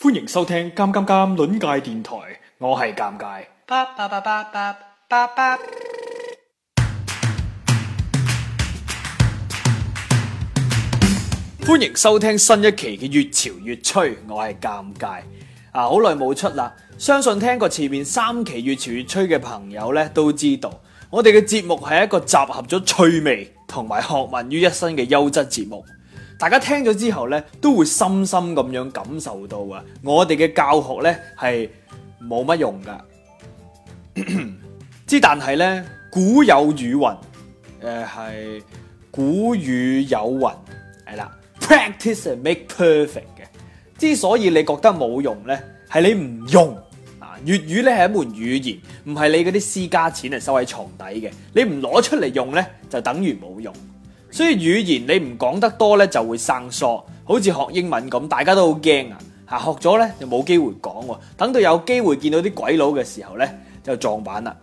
歡迎收聽《尷尷尷》尷界電台，我係尷尬。歡迎收聽新一期嘅粵潮粵吹，我係尷尬。啊，好耐冇出啦！相信聽過前面三期《粵潮粵吹》嘅朋友咧，都知道我哋嘅節目係一個集合咗趣味同埋學問於一身嘅優質節目。大家聽咗之後咧，都會深深咁樣感受到啊！我哋嘅教學咧係冇乜用㗎，之咳咳但係咧，古有語云，誒、呃、係古語有云，係啦，practice and make perfect 嘅。之所以你覺得冇用咧，係你唔用啊！粵語咧係一門語言，唔係你嗰啲私家錢嚟收喺床底嘅，你唔攞出嚟用咧，就等於冇用。所以語言你唔講得多咧，就會生疏。好似學英文咁，大家都好驚啊！嚇學咗咧，就冇機會講喎、啊。等到有機會見到啲鬼佬嘅時候咧，就撞板啦。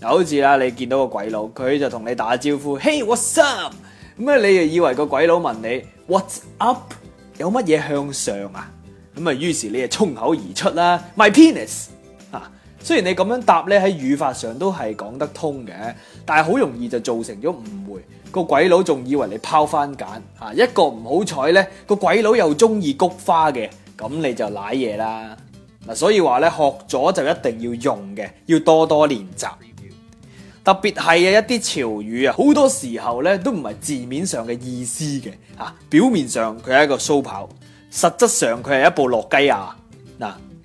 嗱，好似啦，你見到個鬼佬，佢就同你打招呼，Hey, what's up？咁啊，你又以為個鬼佬問你 What's up？有乜嘢向上啊？咁啊，於是你就衝口而出啦，My penis！啊，雖然你咁樣答咧，喺語法上都係講得通嘅，但係好容易就造成咗誤會。個鬼佬仲以為你拋番揀吓，一個唔好彩呢，個鬼佬又中意菊花嘅，咁你就瀨嘢啦。嗱，所以話呢，學咗就一定要用嘅，要多多練習，特別係啊一啲潮語啊，好多時候呢都唔係字面上嘅意思嘅吓，啊，表面上佢係一個蘇跑，實質上佢係一部落雞啊。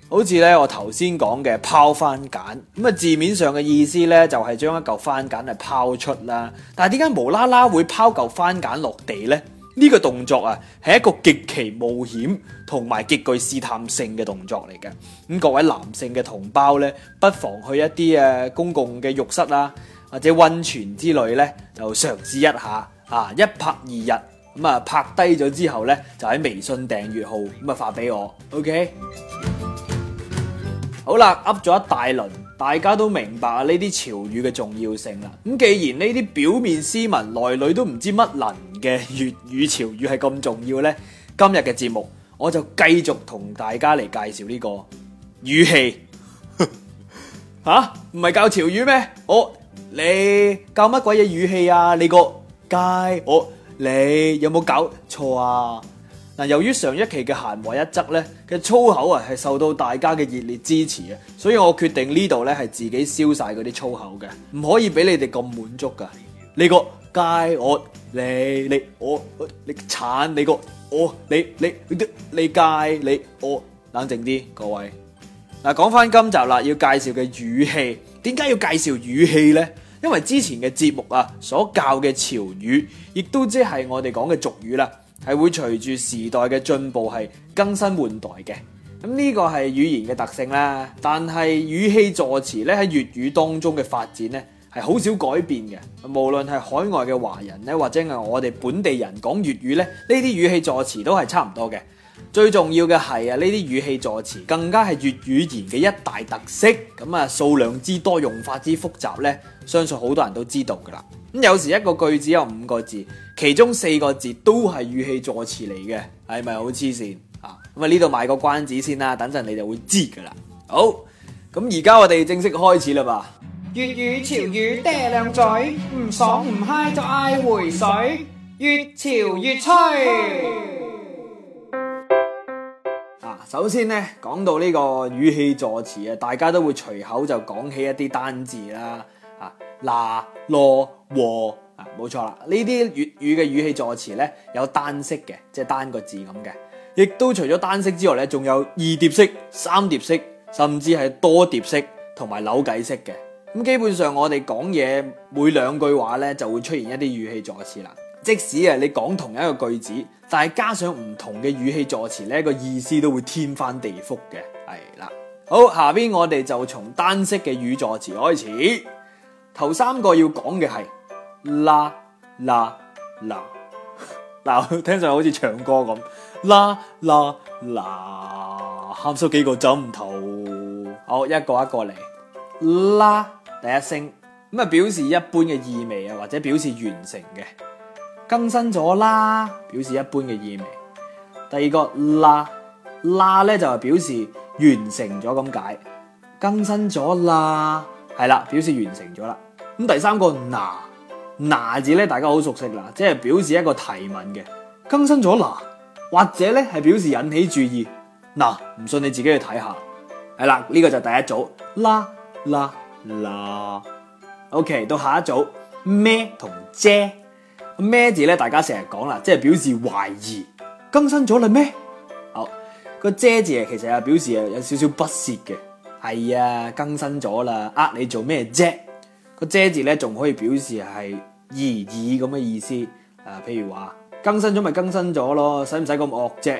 好似咧，我頭先講嘅拋番梘咁啊，字面上嘅意思咧就係將一嚿番梘啊拋出啦。但係點解無啦啦會拋嚿番梘落地咧？呢個動作啊係一個極其冒險同埋極具試探性嘅動作嚟嘅。咁各位男性嘅同胞咧，不妨去一啲誒公共嘅浴室啦，或者溫泉之類咧，就嘗試一下啊，一拍二日咁啊，拍低咗之後咧就喺微信訂閱號咁啊發俾我，OK？好啦，噏咗一大輪，大家都明白呢啲潮語嘅重要性啦。咁既然呢啲表面斯文來、內裏都唔知乜能嘅粵語潮語係咁重要呢，今日嘅節目我就繼續同大家嚟介紹呢個語氣。吓、 啊，唔係教潮語咩？我、oh，你教乜鬼嘢語氣啊？你個街我、oh，你有冇搞錯啊？嗱，由於上一期嘅閒話一則咧嘅粗口啊，係受到大家嘅熱烈支持啊，所以我決定呢度咧係自己燒晒嗰啲粗口嘅，唔可以俾你哋咁滿足㗎。你個街我你你我，我你鏟你個我你你你你街你我，冷靜啲各位。嗱，講翻今集啦，要介紹嘅語氣，點解要介紹語氣呢？因為之前嘅節目啊，所教嘅潮語，亦都即係我哋講嘅俗語啦。係會隨住時代嘅進步係更新換代嘅，咁呢個係語言嘅特性啦。但係語氣助詞咧喺粵語當中嘅發展咧係好少改變嘅，無論係海外嘅華人咧或者係我哋本地人講粵語咧，呢啲語氣助詞都係差唔多嘅。最重要嘅係啊，呢啲語氣助詞更加係粵語言嘅一大特色，咁啊數量之多、用法之複雜咧，相信好多人都知道㗎喇。咁有時一個句子有五個字，其中四個字都係語氣助詞嚟嘅，係咪好黐線啊？咁啊呢度賣個關子先啦，等陣你就會知㗎啦。好，咁而家我哋正式開始啦吧。粵語潮語爹靚嘴，唔爽唔嗨就嗌回水，越潮越吹。啊，首先呢，講到呢個語氣助詞啊，大家都會隨口就講起一啲單字啦。嗱、咯、和啊，冇錯啦！呢啲粵語嘅語氣助詞呢，有單式嘅，即係單個字咁嘅，亦都除咗單式之外呢，仲有二疊式、三疊式，甚至係多疊式同埋扭計式嘅。咁、啊、基本上我，我哋講嘢每兩句話呢就會出現一啲語氣助詞啦。即使啊，你講同一個句子，但係加上唔同嘅語氣助詞呢，個意思都會天翻地覆嘅。係啦，好，下面我哋就從單式嘅語助詞開始。頭三個要講嘅係啦啦啦，嗱 聽上去好似唱歌咁，啦啦啦，喊出幾個枕頭，好，一個一個嚟。啦第一聲咁啊，表示一般嘅意味啊，或者表示完成嘅，更新咗啦，表示一般嘅意味。第二個啦啦咧就係表示完成咗咁解，更新咗啦係啦，表示完成咗啦。咁第三個嗱嗱字咧，大家好熟悉啦，即係表示一個提問嘅，更新咗嗱，或者咧係表示引起注意嗱，唔信你自己去睇下，係啦，呢、這個就第一組啦啦啦，OK，到下一組咩同遮，咩字咧大家成日講啦，即係表示懷疑，更新咗啦咩？好、這個遮字其實係表示有少少不屑嘅，係、哎、啊，更新咗啦，呃你做咩啫？個遮字咧，仲可以表示係而已咁嘅意思。啊，譬如話更新咗咪更新咗咯，使唔使咁惡啫？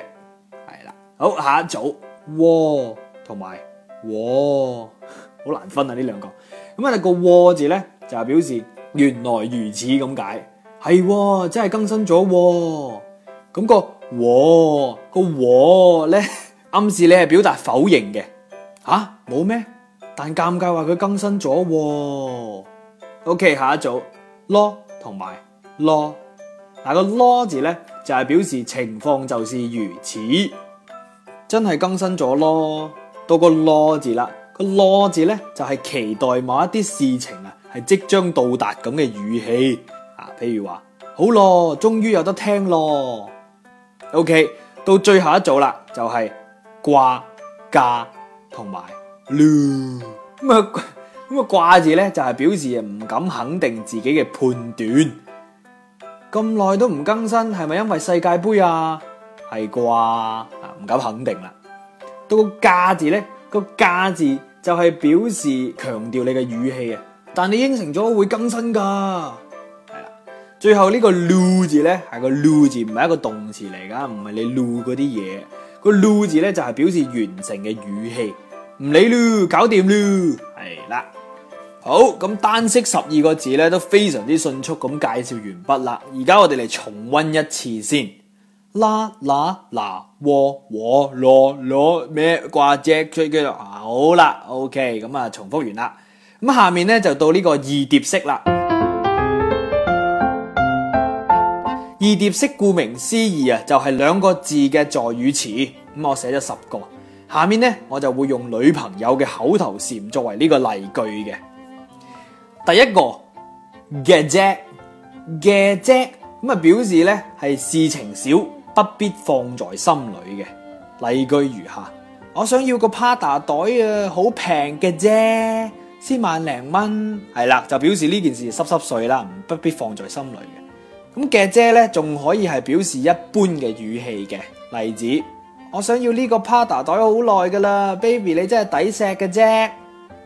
係啦，好，下一組，和同埋和，好難分啊、那個、呢兩個。咁啊個和字咧就係表示原來如此咁解，係真係更新咗。咁、那個和個和咧暗示你係表達否認嘅，吓冇咩？但尷尬，話佢更新咗喎。哦，OK 下一組咯，同埋咯，嗱、那個咯字咧就係、是、表示情況就是如此，真係更新咗咯。到個咯字啦，那個咯字咧就係、是、期待某一啲事情啊，係即將到達咁嘅語氣啊。譬如話好咯，終於有得聽咯。OK 到最後一組啦，就係掛架同埋。溜咁啊，咁啊啩字咧就係、是、表示唔敢肯定自己嘅判斷。咁耐都唔更新，係咪因為世界杯啊？係啩？啊唔敢肯定啦。到個架字咧，個架字就係表示強調你嘅語氣嘅。但你應承咗會更新噶，係啦。最後、這個、呢個溜字咧係個溜字，唔係一個動詞嚟噶，唔係你溜嗰啲嘢。個溜字咧就係、是、表示完成嘅語氣。唔理啦，搞掂啦，係啦，好，咁單式十二個字咧都非常之迅速咁介紹完畢啦。而家我哋嚟重溫一次先，啦啦啦，我我攞攞咩掛只出嘅好啦，OK，咁啊重複完啦。咁下面咧就到呢個二疊式啦。二疊式顧名思義啊，就係兩個字嘅助語詞。咁我寫咗十個。下面咧，我就會用女朋友嘅口頭禪作為呢個例句嘅。第一個嘅啫，嘅啫咁啊，嘅啫表示咧係事情少，不必放在心裏嘅。例句如下：我想要個趴打袋啊，好平嘅啫，千萬零蚊係啦，就表示呢件事濕濕碎啦，不必放在心裏嘅。咁嘅啫咧，仲可以係表示一般嘅語氣嘅例子。我想要呢個 Prada 袋好耐噶啦，baby，你真係抵錫嘅啫。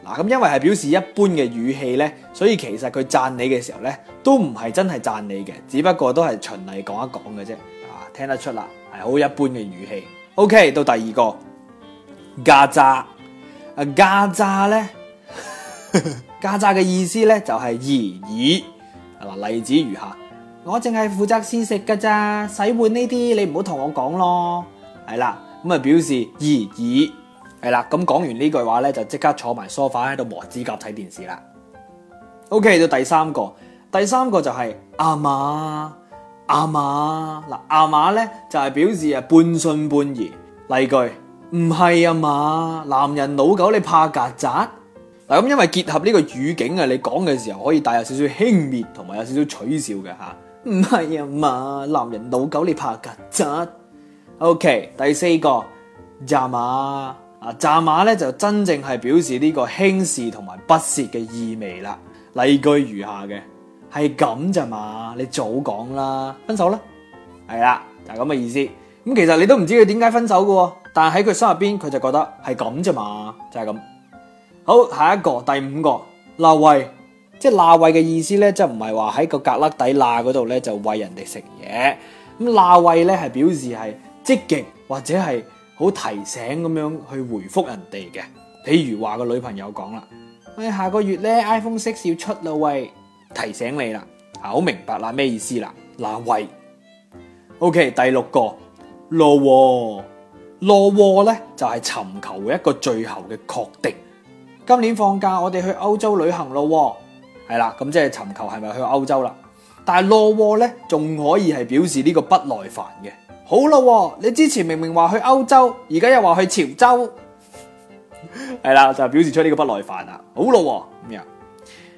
嗱，咁，因為係表示一般嘅語氣咧，所以其實佢讚你嘅時候咧，都唔係真係讚你嘅，只不過都係循例講一講嘅啫。啊，聽得出啦，係好一般嘅語氣。OK，到第二個噶咋啊，噶咋咧，噶咋嘅意思咧就係而已。嗱，例子如下，我淨係負責先食噶咋，洗碗呢啲你唔好同我講咯。係啦，咁啊表示「而已」。係啦，咁講完呢句話咧，就即刻坐埋梳化喺度磨指甲睇電視啦。OK，到第三個，第三個就係啊嘛啊嘛嗱，啊嘛咧就係、是、表示啊半信半疑。例句：唔係啊嘛，男人老狗你怕曱甴嗱咁，因為結合呢個語境啊，你講嘅時候可以帶有少少輕蔑同埋有少少取笑嘅吓，唔係啊嘛、啊，男人老狗你怕曱甴。O、okay, K，第四個炸馬啊，炸馬咧就真正係表示呢個輕視同埋不屑嘅意味啦。例句如下嘅，係咁咋嘛？你早講啦，分手啦，係啦，就係咁嘅意思。咁其實你都唔知佢點解分手㗎喎，但係喺佢心入邊佢就覺得係咁咋嘛，就係、是、咁。好，下一個第五個，拿餵即係拿餵嘅意思咧，即係唔係話喺個格肋底罅嗰度咧就喂人哋食嘢咁？拿餵咧係表示係。積極或者係好提醒咁樣去回覆人哋嘅，譬如話個女朋友講啦，喂、哎、下個月咧 iPhone Six 要出啦喂，提醒你啦，好、啊、明白啦咩意思啦嗱，喂，OK 第六個囉喎囉喎咧就係、是、尋求一個最後嘅確定，今年放假我哋去歐洲旅行咯，係啦，咁即係尋求係咪去歐洲啦，但係囉喎咧仲可以係表示呢個不耐煩嘅。好咯、哦，你之前明明話去歐洲，而家又話去潮州，係 啦 就表示出呢個不耐煩啦。好咯、哦，咁樣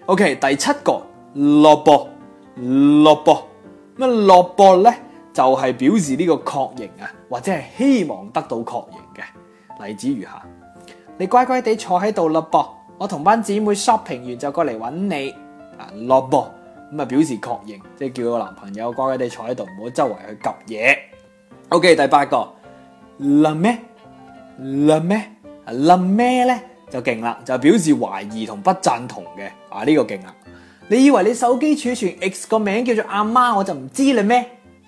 ，OK 第七個，落膊落膊咁啊，落膊咧就係、是、表示呢個確認啊，或者係希望得到確認嘅例子如下：你乖乖地坐喺度落膊，我同班姊妹 shopping 完就過嚟揾你啊，落膊咁啊表示確認，即係叫個男朋友乖乖地坐喺度，唔好周圍去夾嘢。OK，第八個，諗咩？諗咩？諗咩咧就勁啦，就表示懷疑同不贊同嘅。啊呢個勁啦！你以為你手機儲存 X 個名叫做阿媽，我就唔知你咩？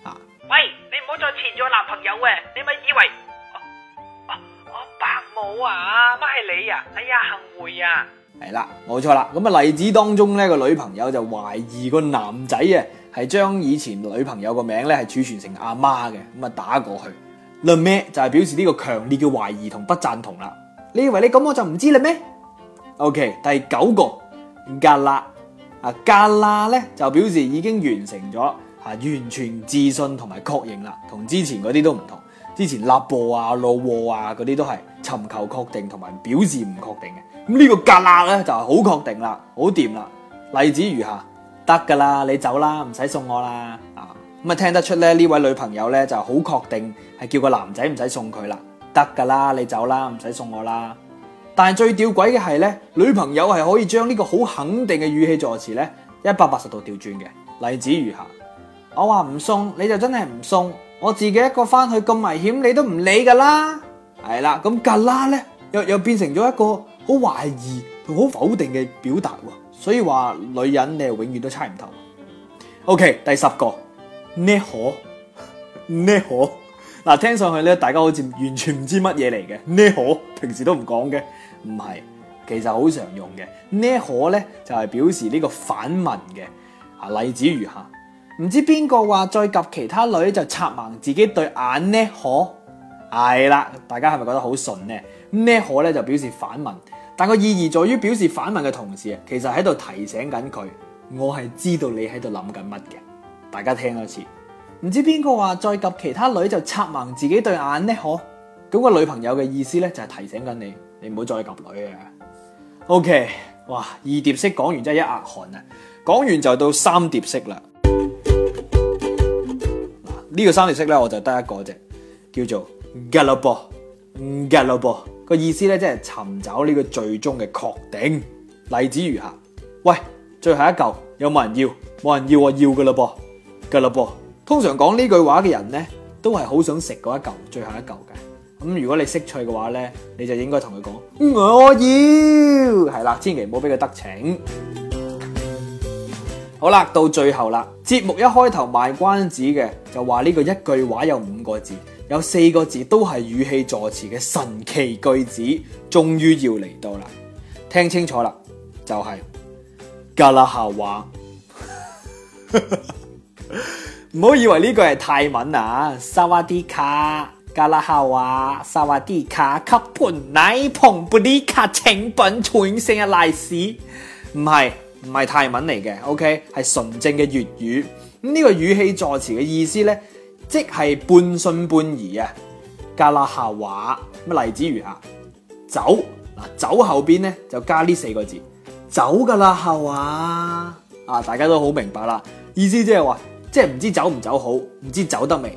啊！喂，你唔好再纏咗男朋友喂，你咪以為我白母啊？乜係你啊？哎呀，幸會啊！係啦，冇錯啦。咁啊例子當中咧，個女朋友就懷疑個男仔啊。係將以前女朋友個名咧係儲存成阿媽嘅，咁啊打過去。論咩就係表示呢個強烈嘅懷疑同不讚同啦。你以為你咁我就唔知啦咩？OK，第九個格啦啊格啦咧就表示已經完成咗，吓完全自信同埋確認啦，同之前嗰啲都唔同。之前立波啊、路卧啊嗰啲都係尋求確定同埋表示唔確定嘅。咁呢個格啦咧就係好確定啦，好掂啦。例子如下。得噶啦，你走啦，唔使送我啦。啊，咁啊聽得出咧，呢位女朋友咧就好確定係叫個男仔唔使送佢啦。得噶啦，你走啦，唔使送我啦。但係最吊詭嘅係咧，女朋友係可以將呢個好肯定嘅語氣助詞咧一百八十度調轉嘅。例子如下，我話唔送，你就真係唔送，我自己一個翻去咁危險，你都唔理噶啦。係啦，咁㗎啦咧，又又變成咗一個。好懷疑同好否定嘅表達喎，所以話女人你係永遠都猜唔透。OK，第十個呢可呢可嗱，聽上去咧，大家好似完全唔知乜嘢嚟嘅呢可，平時都唔講嘅，唔係，其實好常用嘅呢可咧，就係表示呢個反問嘅啊。例子如下，唔知邊個話再睇其他女就插盲自己對眼呢可？係啦，大家係咪覺得好順呢？咩可咧就表示反問，但個意義在於表示反問嘅同時，其實喺度提醒緊佢，我係知道你喺度諗緊乜嘅。大家聽多次，唔知邊個話再及其他女就插盲自己對眼呢？可咁、那個女朋友嘅意思咧就係、係、提醒緊你，你唔好再及女呀。OK，哇，二疊式講完真係一額汗啊！講完就到三疊式啦。呢個三疊式咧，我就得一個啫，叫做。get 啦噃，get 啦噃，嗯嗯嗯嗯嗯，這個意思咧，即係尋找呢個最終嘅確定。例子如下：喂，最後一嚿有冇人要？冇人要我要噶啦噃，噶啦噃。通常講呢句話嘅人咧，都係好想食嗰一嚿最後一嚿嘅。咁如果你識趣嘅話咧，你就應該同佢講，我要。係啦，千祈唔好俾佢得逞。好啦，到最後啦，節目一開頭賣關子嘅就話呢個一句話有五個字。有四個字都係語氣助詞嘅神奇句子，終於要嚟到啦！聽清楚啦，就係、是、㗎啦吓嘩，唔好以為呢句係泰文啊！沙瓦迪卡，㗎啦吓嘩，沙瓦迪卡，吸盤奶旁布里卡，請品串性嘅賴屎，唔係唔係泰文嚟嘅，OK，係純正嘅粵語。咁、這、呢個語氣助詞嘅意思咧？即係半信半疑啊！加啦下話咁，例子如下：走嗱，走後邊咧就加呢四個字，走噶啦下話啊！大家都好明白啦，意思即係話，即係唔知走唔走好，唔知走得未。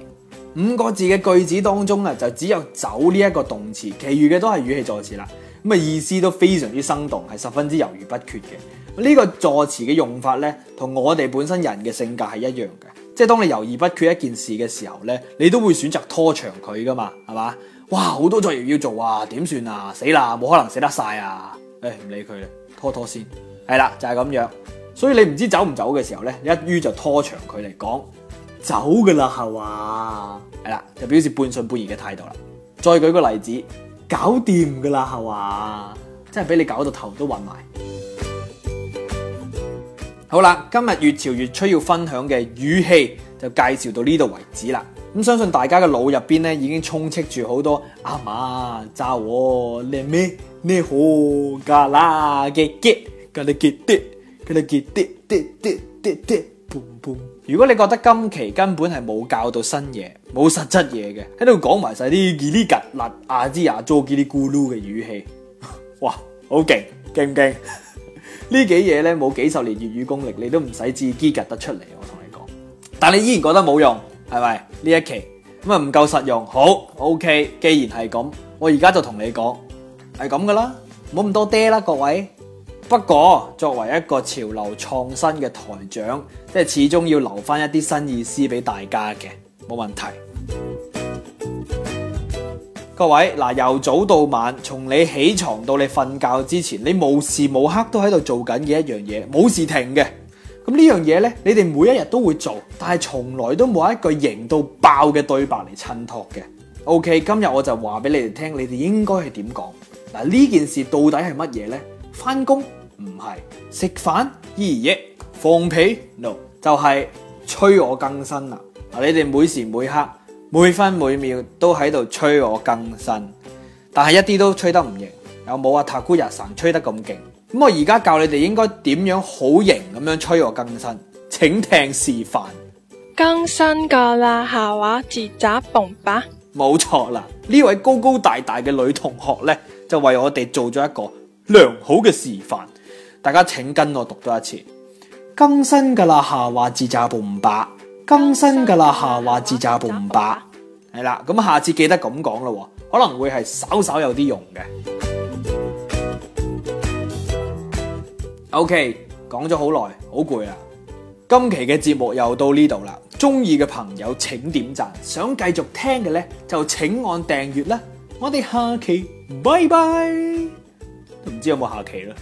五個字嘅句子當中啊，就只有走呢一個動詞，其餘嘅都係語氣助詞啦。咁啊，意思都非常之生動，係十分之猶豫不決嘅。呢個助詞嘅用法咧，同我哋本身人嘅性格係一樣嘅。即係當你猶豫不決一件事嘅時候咧，你都會選擇拖長佢㗎嘛，係嘛？哇，好多作業要做啊，點算啊？死啦，冇可能死得晒啊！誒、欸，唔理佢啦，拖拖先。係啦，就係、是、咁樣。所以你唔知走唔走嘅時候咧，一於就拖長佢嚟講，走㗎啦，係話。係啦，就表示半信半疑嘅態度啦。再舉個例子，搞掂㗎啦，係話。真係俾你搞到頭都暈埋。好啦，今日越潮越吹要分享嘅語氣就介紹到呢度為止啦。咁相信大家嘅腦入邊咧已經充斥住好多阿嘛炸鑊 l 咩？t m 你學噶啦嘅嘅，噶啦嘅跌，噶啦嘅跌跌跌跌跌跌。如果你覺得今期根本係冇教到新嘢，冇實質嘢嘅，喺度講埋晒啲吉哩吉納阿茲牙做吉哩咕嚕嘅語氣，哇，好勁，驚唔驚？呢幾嘢咧冇幾十年粵語功力，你都唔使自己夾得出嚟，我同你講。但你依然覺得冇用，係咪？呢一期咁啊唔夠實用。好，OK。既然係咁，我而家就同你講係咁㗎啦，冇咁多爹啦，各位。不過作為一個潮流創新嘅台長，即係始終要留返一啲新意思俾大家嘅，冇問題。各位嗱，由早到晚，從你起牀到你瞓覺之前，你無時無刻都喺度做緊嘅一樣嘢，冇事停嘅。咁呢樣嘢咧，你哋每一日都會做，但係從來都冇一個型到爆嘅對白嚟襯托嘅。OK，今日我就話俾你哋聽，你哋應該係點講。嗱，呢件事到底係乜嘢咧？翻工唔係，食飯，咦耶，放屁，no，就係催我更新啦。嗱，你哋每時每刻。每分每秒都喺度催我更新，但係一啲都催得唔型，有冇阿塔姑日神催得咁勁。咁我而家教你哋應該點樣好型咁樣催我更新，請聽示範。更新㗎啦，吓嘩吱喳 bom 吧。冇錯啦，呢位高高大大嘅女同學呢，就為我哋做咗一個良好嘅示範。大家請跟我讀多一次：更新㗎啦，吓嘩吱喳 bom 吧。更新㗎啦吓，嘩吱喳 bom 吧？係啦，咁下次記得咁講咯，可能會係稍稍有啲用嘅。OK，講咗好耐，好攰啊！今期嘅節目又到呢度啦，中意嘅朋友請點讚，想繼續聽嘅咧就請按訂閱啦。我哋下期拜拜，都唔知有冇下期啦。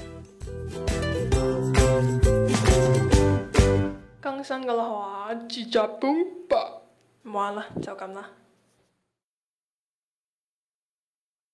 新噶咯，係自習班吧，唔 玩啦， 就咁啦。